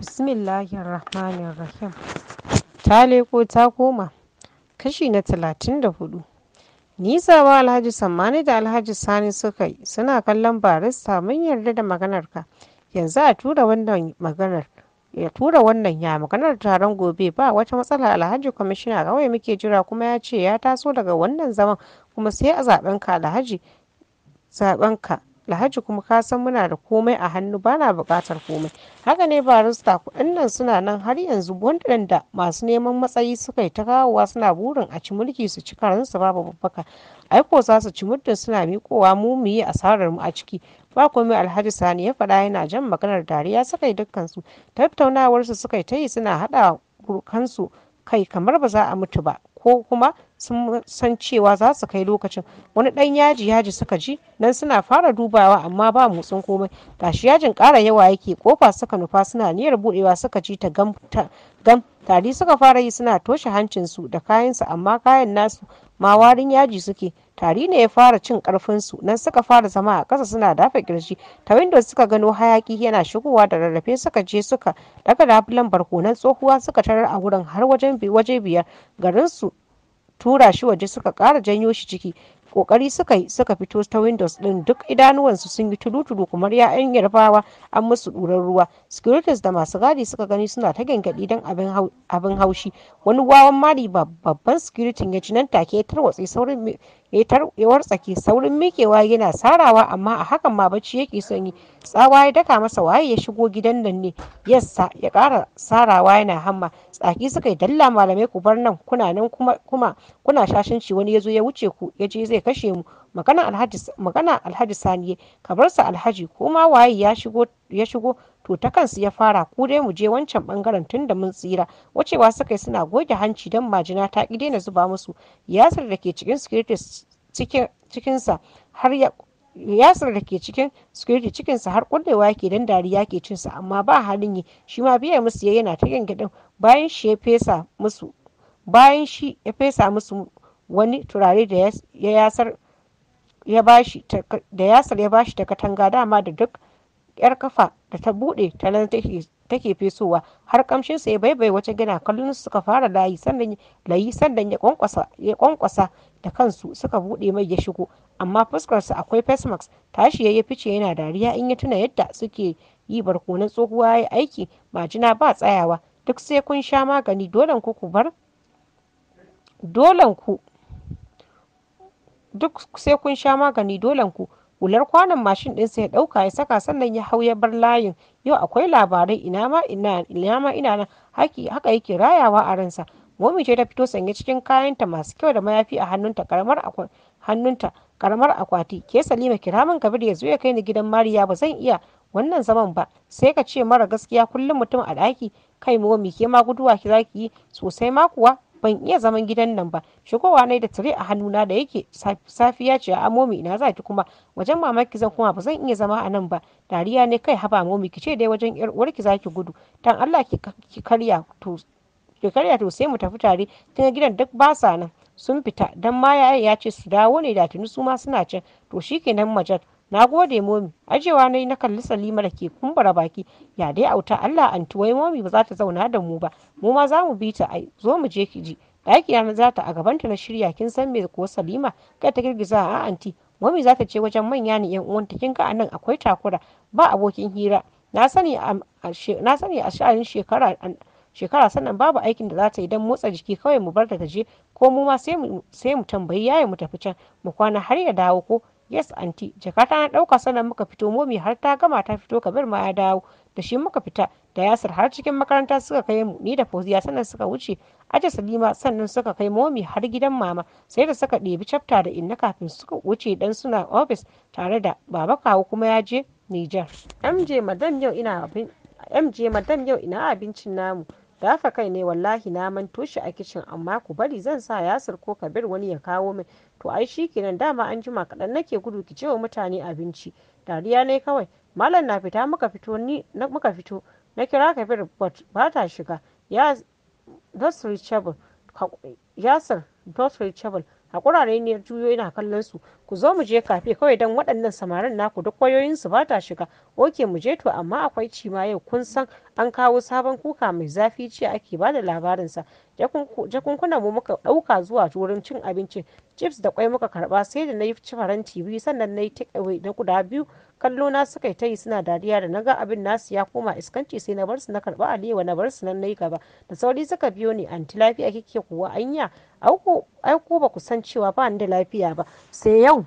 Bismillahir Rahmanir Rahim. Ta leko ta koma. Kashi na talatin da hudu. Nisa ba Alhaji Sammani da Alhaji Sani suka yi suna kallon barista mun yarda da maganarka. Yanzu a tura wannan maganar. ya tura wannan ya maganar taron gobe ba wata matsala alhaji kwamishina kawai muke jira kuma ya ce ya taso daga wannan zaman kuma sai a zaben ka alhaji zaben ka Alhaji kuma ka san muna da komai a hannu bana buƙatar komai. Haka ne barista kuɗin nan suna nan har yanzu waɗanda masu neman matsayi suka yi ta kawowa suna burin a ci mulki su ci karansu babu babbaka. Ai ko za su ci muddin suna miƙowa mu mu yi asarar mu a ciki. Ba komai Alhaji Sani ya faɗa yana jan maganar dariya suka yi dukkansu. Tattaunawarsu suka yi ta yi suna haɗa kansu kai kamar ba za a mutu ba ko kuma sun san cewa za su kai lokacin wani ɗan yaji yaji suka ji nan suna fara dubawa amma ba motsin komai tashi yajin ƙara yawa yake kofa suka nufa suna niyyar buɗewa suka ji ta gam tari suka fara yi suna toshe hancin su da kayansu amma kayan nasu ma warin yaji suke tari ne ya fara cin su nan suka fara zama a kasa suna dafa kirji ta windows suka gano hayaki yana shigowa da rarrafe suka je suka daga labulan barkonan tsohuwa suka tarar a wurin har waje biyar garin su. tura shi waje suka kara janyo shi ciki kokari suka yi suka fito ta windows din duk idanuwansu sun yi tudu-tudu kamar ya'yan yarbawa an musu ɗurar ruwa securities da masu gadi suka gani suna ta gangadi don abin haushi wani wawan mari babban security ya ci nan take ya tarwatse saurin ya wartsake saurin mikewa yana sarawa amma a hakan ma bacci yake son yi tsawa ya daka masa waye ya shigo gidan nan ne yassa ya ƙara sarawa yana hamma tsaki suka yi dalla malamai ku bar nan kuna nan kuma kuna shashanci wani ya zo ya wuce ku ya je zai kashe mu magana alhaji saniye ka bar sa alhaji ko ma waye ya shigo ya shigo to ta kansu ya fara ku dai mu je wancan bangaren tun da mun tsira wacewa suka yi suna goge hanci don majina ta ki daina zuba musu yasir da ke cikin cikinsa har ya yasir da ke cikin security cikinsa har kullewa yake dan dariya ke cinsa amma ba halin yi shi ma biya musu ya yana ta gyangyaɗin bayan shi ya fesa musu bayan shi ya fesa musu wani turare da ya yasar ya bashi da yasar ya bashi ta katanga dama da duk yar kafa da ta buɗe ta take fesowa har kamshin sa ya baibai wata gina kallon suka fara layi sannan layi sannan ya kwankwasa ya kwankwasa da kansu suka buɗe mai ya shigo amma fuskar sa akwai face mask tashi ya fice yana dariya in ya tuna yadda suke yi barkonan tsohuwa ya aiki majina ba tsayawa duk sai kun sha magani dolen ku ku bar ku duk sai kun sha magani dolen ku hular kwanon mashin sai ya ɗauka ya saka sannan ya hau ya bar layin yau akwai labarai ina ma ina ina ma ina nan haka yake rayawa a ransa momi ce ta fito sanye cikin kayanta masu kyau da mayafi a hannunta karamar hannunta karamar akwati ke salima kira min kabir ya zo ya kai ni gidan mariya ba zan iya wannan zaman ba sai ka ce mara gaskiya kullum mutum a daki kai momi ke ma guduwa ki zaki yi sosai ma kuwa ban iya zaman gidan nan ba shigowa ne da tare a hannuna da yake safiya ce a amomi ina zaki kuma wajen mamaki zan kuma ba zan iya zama a nan ba dariya ne kai haba momi ki ce dai wajen yar uwarki za ki gudu dan Allah ki karya to ki karya to sai mu tafi tare tun gidan duk ba sa nan sun fita dan ma ya ce su dawo ne da tuni su ma suna can to shikenan majal Na gode momi, ajewa na yi na kalli Salima da ke kumbura baki, ya dai auta Allah anti wai momi ba za ta zauna da mu ba, mu ma za mu bi ta ai, zo mu je ki ji. Ɗakiya na zata a gabanta na shirya kin san me ko Salima kai ta girgiza a anti, momi za ta ce wajen manya ne yan uwanta kin ga anan akwai takura ba abokin hira. Na sani a sha'anin shekara shekara sannan babu aikin da za ta yi don motsa jiki kawai mu bar ta je ko mu ma sai mu tambayi yaya mu tafi can mu kwana har ya dawo ko yes anti jakata na dauka sanan muka fito momi har ta gama ta fito kabir ma ya dawo da shi muka fita da yasir har cikin makaranta suka kai mu ni da fauziya sanan suka wuce aje salima sannan suka kai momi har gidan mama sai da suka ɗebi cafta da inna kafin suka wuce dan suna ofis tare da baba kawo kuma ya je nijar mj madam yau ina abincin namu dafa kai ne wallahi na manto shi a kicin amma ku bari zan sa Yasir ko Kabir wani ya kawo min. To ai shi kenan dama an jima kaɗan nake gudu ki cewa mutane abinci. Dariya ne kawai. Malam na fita muka fito ni muka fito na kira Kabir ba ta shiga. Ya Dos Reachable Yasir Dos Reachable haƙura ne juyo ina kallon su ku zo mu je kafe kawai don waɗannan samarin naku duk wayoyinsu ba ta shiga oke mu je to amma akwai cima yau kun san an kawo sabon kuka mai zafi ce ake ba da labarinsa jakunkunan mu muka ɗauka zuwa wurin cin abincin chips da kwai muka karba sai da na yi ci faranti biyu sannan na yi takeaway na guda biyu kallo na suka ta yi suna dariya da na ga abin nasu ya koma iskanci sai na bar su na karba alewa na bar su nan na yi gaba da sauri suka biyo ni anti lafiya kike kuwa anya ai ko ba ku san cewa ba ni da lafiya ba sai yau yau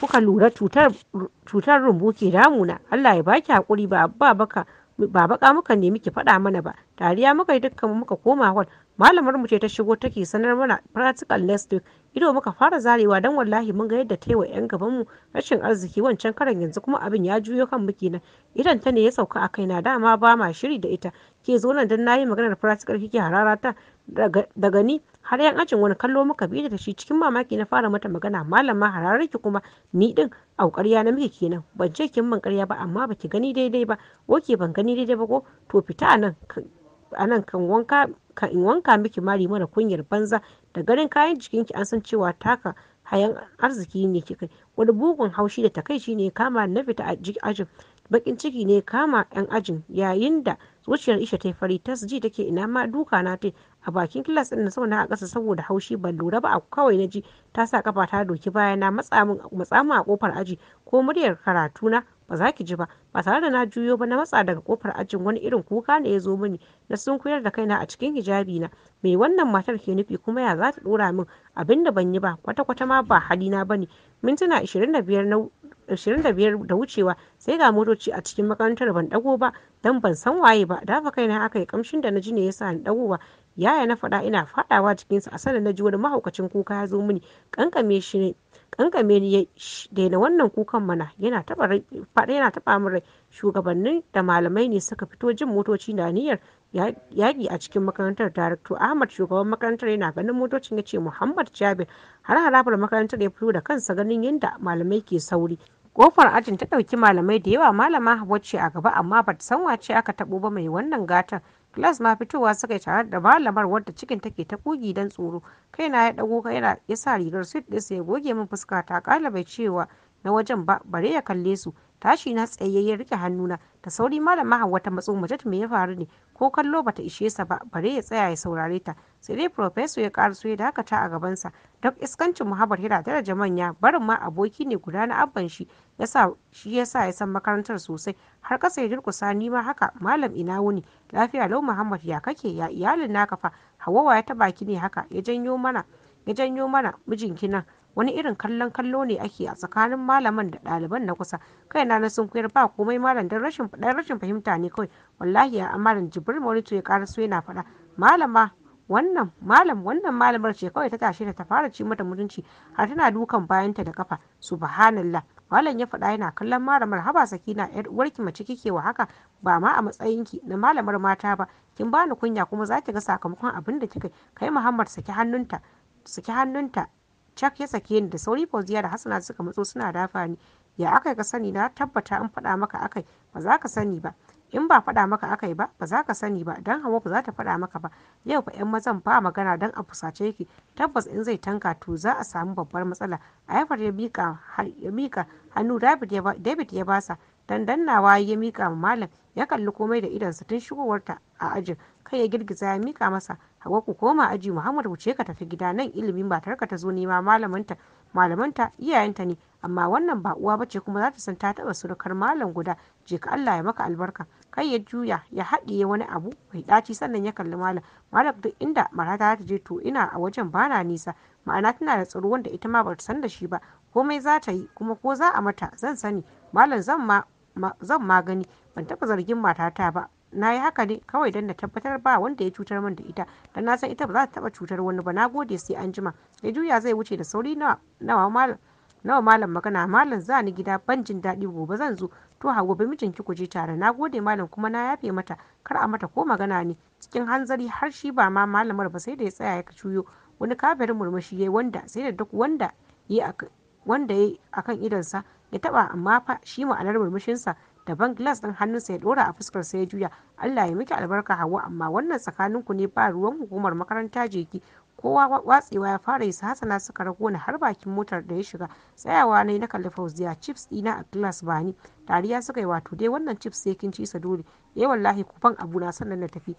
kuka lura cutar rumbu ke damuna Allah ya baki hakuri ba baka ba baka muka nemi ki faɗa mana ba dariya muka yi dukkan muka koma hol malamar mu ce ta shigo take sanar mana practical next week ido muka fara zarewa dan wallahi mun ga yadda ta wa yan gaban mu rashin arziki wancan karan yanzu kuma abin ya juyo kan muke nan idan ta ne ya sauka a kaina dama ba ma shiri da ita ke zo nan dan nayi maganar practical kike hararata daga ni har yan ajin wani kallo muka bi da shi cikin mamaki na fara mata magana malama hararar ki kuma ni din au ƙarya na miki kenan ban ce kin mun ƙarya ba amma baki gani daidai ba oke ban gani daidai ba ko to fita anan anan kan wanka kan in wanka miki mari mara kunyar banza da garin kayan jikinki an san cewa taka hayan arziki ne kika wani bugun haushi da takaici ne kama na fita a ajin bakin ciki ne kama yan ajin yayin da zuciyar isha ta fari tas ji take ina ma duka na te a bakin kilas din na zauna a kasa saboda haushi ban lura ba a kawai na ji ta sa kafa ta doki baya na matsa min a kofar aji ko muryar karatu na ba za ki ji ba ba tare da na juyo ba na matsa daga kofar ajin wani irin kuka ne ya zo mini na sunkuyar da kaina a cikin hijabi na me wannan matar ke nufi kuma ya za ta dora min abinda ban yi ba kwata kwata ma ba halina bane mintuna 25 na 25 da wucewa sai ga motoci a cikin makarantar ban dago ba dan ban san waye ba dafa kaina aka yi kamshin da na ji ne yasa ni ba yaya na faɗa ina faɗawa cikinsa a sanin na ji wani mahaukacin kuka ya zo mini kankame shi ne kankame ni ya daina wannan kukan mana yana taba yana taba min rai shugabannin da malamai ne suka fito jin motoci na niyyar yaƙi a cikin makarantar darakto ahmad shugaban makarantar yana ganin motocin ya ce muhammad jabir har harabar makarantar ya fito da kansa ganin yadda malamai ke sauri ƙofar ajin ta ɗauki malamai da yawa malama hauwa ce a gaba amma ba ta san wace aka taɓo ba mai wannan gatar class ma fitowa suka yi tare da malamar wadda cikin take ta ƙugi don tsoro kai na ya ɗago yana ya sa rigar suit ɗinsa ya goge min fuska ta ƙala cewa na wajen ba bare ya kalle su tashi na tsaye ya rike hannuna da sauri malam Hauwa ta matso Majid me ya faru ne ko kallo bata ishe sa ba bare ya tsaya ya saurare ta sai dai professor ya karaso ya dakata a gaban sa duk iskancin muhabbar yana daraja manya barin ma aboki ne guda na abban shi yasa shi yasa ya san makarantar sosai har kasa ya durkusa ni ma haka malam ina wuni lafiya lau Muhammad ya kake ya iyalin naka fa wa ya taba ki ne haka ya janyo mana ya janyo mana mijinki nan wani irin kallon kallo ne ake a tsakanin malaman da ɗaliban na kusa kai na sunkuyar ba komai malam dan rashin rashin fahimta ne kawai wallahi a malam jibril morito ya su yana faɗa malama wannan malam wannan malamar ce kawai ta tashi ta fara ci mata mutunci har tana dukan bayanta da kafa subhanallah malam ya faɗa yana kallon malamar haba sakina yar uwarki mace kike wa haka ba ma a matsayinki na malamar mata ba kin bani kunya kuma za ki ga sakamakon abin da kika kai muhammad saki hannunta saki hannunta Chuck ya sake ni da sauri Fauziya da Hassana suka matso suna dafa ni. Ya aka ka sani na tabbata an faɗa maka akai ba za ka sani ba. in ba faɗa maka akai ba ba za ka sani ba dan hawa ba za ta faɗa maka ba yau fa yan mazan ba magana dan a fusace yake tabbas in zai tanka to za a samu babbar matsala a haifar ya mika ya mika hannu david ya basa dan dannawa ya mika ma malam ya kalli komai da sa tun shigowarta a ajin kai ya girgiza ya mika masa Hauwa ku koma aji Muhammad wuce ka tafi gida nan ilimin matarka ta zo nema malamanta malamanta iyayenta ne amma wannan ba uwa bace kuma za ta san ta taba surukar malam guda je ka Allah ya maka albarka kai ya juya ya haɗiye wani abu mai ɗaci sannan ya kalli malam malam duk inda marata ta je to ina a wajen bana nisa ma'ana tana da tsaro wanda ita ma ba ta san da shi ba komai za ta yi kuma ko za a mata zan sani malam zan ma zan ma gani ban taba zargin matata ba na yi haka ne kawai don na tabbatar ba wanda ya cutar min da ita don na san ita ba za ta taba cutar wani ba na gode sai an jima ya juya zai wuce da sauri nawa malam magana malam za ni gida ban jin daɗi gobe zan zo to ha gobe mijin ki ku je tare na gode malam kuma na yafe mata kar a mata ko magana ne cikin hanzari har shi ba ma malamar ba sai da ya tsaya ya cuyo wani kafirin murmushi yayi wanda sai da duk wanda ya wanda ya akan idonsa ya taba amma fa shi ma'anar murmushinsa daban glass ɗin hannunsa ya ɗora a fuskarsa ya juya allah ya miki albarka Hauwa, amma wannan tsakaninku ne ba ruwan hukumar makaranta jeki kowa watsewa ya fara yi Hassana suka rago ni har bakin motar da ya shiga tsayawa na na kalli fauziya chips dina a glass ba ni tariya suka yi wato dai wannan chips sai kin ci sa dole eh wallahi kufan abu na sannan na tafi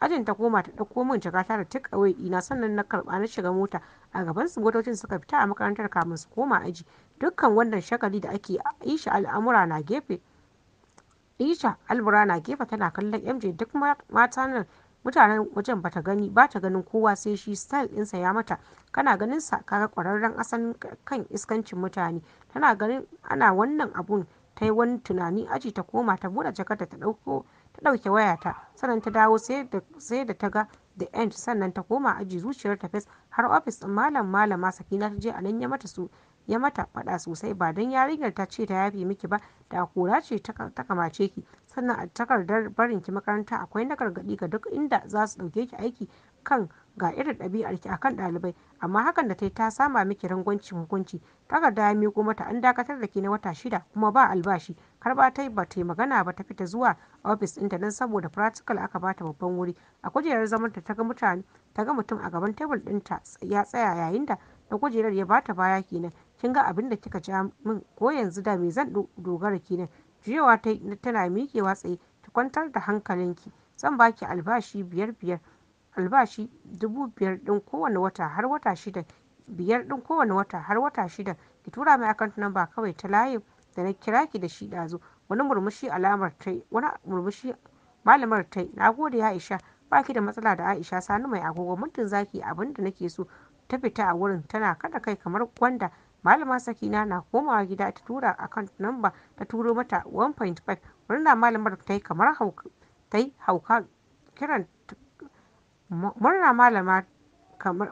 ajin ta koma ta dauko min jakata da take away dina sannan na karba na shiga mota a gaban su motocin suka fita a makarantar kamun su koma aji dukkan wannan shagali da ake yi shi al'amura na gefe Lisha alburana na gefe tana kallon MJ duk nan mutanen wajen bata gani bata ganin kowa sai shi style ɗinsa ya mata kana ganin sa kaga kwararren asan kan iskancin mutane tana ganin ana wannan abun ta yi wani tunani aji ta koma ta buɗe jakarta ta ta ɗauke wayata sannan ta dawo sai da ta ga the end sannan ta koma aji zuciyar ta fes har ofis ɗin malam malama sakina ta je a nan ya mata su ya mata faɗa sosai ba don yarinyar ta ce ta yafe miki ba da kura ce ta kamace ki sannan a takardar barin ki makaranta akwai na gargaɗi ga duk inda za su ɗauke ki aiki kan ga irin ɗabi'ar ki akan ɗalibai amma hakan da ta yi ta sama miki rangwancin hukunci takarda ya miko mata an dakatar da ke na wata shida kuma ba albashi karba ta ba ta yi magana ba ta fita zuwa ofis ɗinta don saboda practical aka bata babban wuri a kujerar zaman ta ga mutane ta ga mutum a gaban tebul ɗinta ya tsaya yayin da na kujerar ya bata baya kenan kin ga abin da kika ja min ko yanzu da me zan dogara kenan juyawa ta tana mikewa tsaye ki kwantar da hankalinki zan baki albashi biyar biyar albashi dubu biyar din kowane wata har wata shida biyar din kowane wata har wata shida ki tura mai akant namba kawai ta layi da na kira ki da shi ɗazu wani murmushi alamar ta wani murmushi malamar tai na gode aisha baki da matsala da aisha sani mai agogo muddin zaki abin nake so ta fita a wurin tana kada kai kamar gwanda Malama Sakina na komawa gida ta tura kan namba ta turo mata 1.5. Murna malamar ta yi kamar hauka kiran murna malama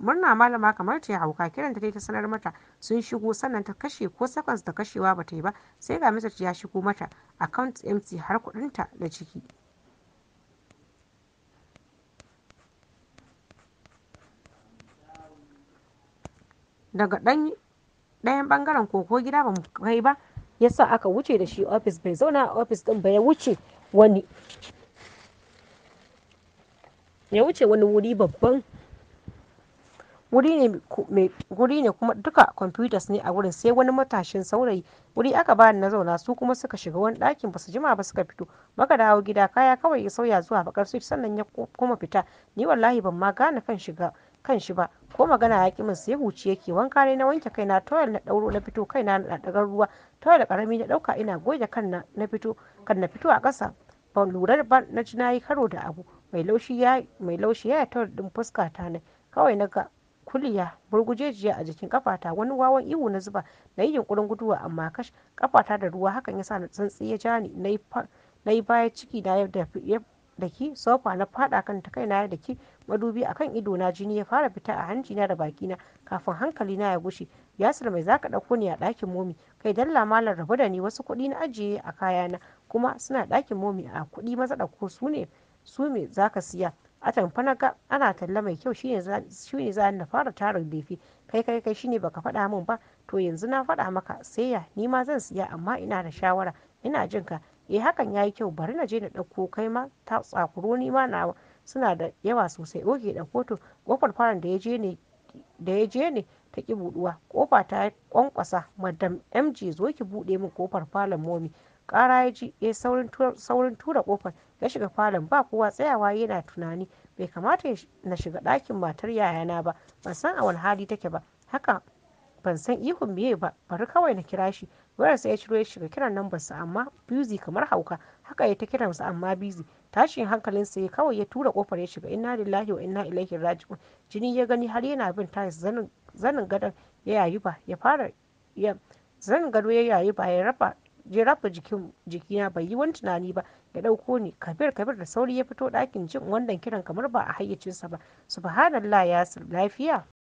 murna malama kamar ta hauka kiran ta ta sanar mata sun shigo sannan ta kashe ko seconds da kashewa ba ta yi ba sai ga message ya shigo mata account mt har kudinta da ciki daga dan ɗayan bangaren ko gida ba mu kai ba yasa aka wuce da shi ofis bai zauna a ofis din ba ya wuce wani ya wuce wani wuri babban wuri ne kuma duka computers ne a wurin sai wani matashin saurayi wuri aka ba na zauna su kuma suka shiga wani ɗakin ba su jima ba suka fito maka dawo gida kaya kawai ya sauya zuwa bakar switch sannan ya kuma fita ni wallahi ban ma gane kan shiga kan shi ba ko magana ya ƙi min sai huci yake wanka ne na wanke kaina towel na ɗauro na fito kaina na ɗagar ruwa da ƙarami na ɗauka ina goge kan na fito kan na fito a ƙasa ban lura ba na ji na yi karo da abu mai laushi ya mai laushi ya towel ɗin fuska ta ne kawai na ga kuliya burgujejiya a jikin kafata wani wawan ihu na zuba na yi yunkurin guduwa amma kash kafata da ruwa hakan ya sa na tsantsi ya ja ni na yi baya ciki na ya da ki sofa na fada kan ta kaina ya daki madubi akan ido na jini ya fara fita a hanci na da baki na kafin hankali na ya gushe yasir mai zaka dauko ni a dakin momi kai dalla malam rabu da ni wasu kuɗi na ajiye a kayana kuma suna dakin momi a kuɗi maza dauko su ne su me zaka siya a tamfa na ga ana talla mai kyau shine za na fara tara lefe kai kai kai shine baka faɗa min ba to yanzu na faɗa maka sai ya ni ma zan siya amma ina da shawara ina jin ka eh hakan yayi kyau bari na je na ɗauko kai ma ta tsakuro ni ma nawa suna da yawa sosai oke ɗauko to kofar faran da ya je ne da ya je ne ta ki buɗuwa ƙofa ta ƙwanƙwasa madam mg zo ki buɗe min kofar falon momi ƙara ya ji ya saurin tura ƙofar ya shiga falon ba kowa tsayawa yana tunani bai kamata na shiga ɗakin matar yayana ba ban san a wani hali take ba haka Ban san ihun meye ba, bari kawai na kira shi. Wayarsa ya ciro ya shiga kiran lambarsa amma busy kamar hauka. Haka ya ta kiransa amma busy. Tashin hankalin sa kawai ya tura kofar ya shiga. Inna lillahi wa inna ilaihi raji'un. Jini ya gani har yana bin ta zanin gado ya yayi ba ya fara ya zanin gado ya yayi ba ya rafa ya rafa jikin jikina bai yi wani tunani ba ya dauko ni kabir kabir da sauri ya fito dakin jin wannan kiran kamar ba a hayyacinsa ba subhanallah yasir lafiya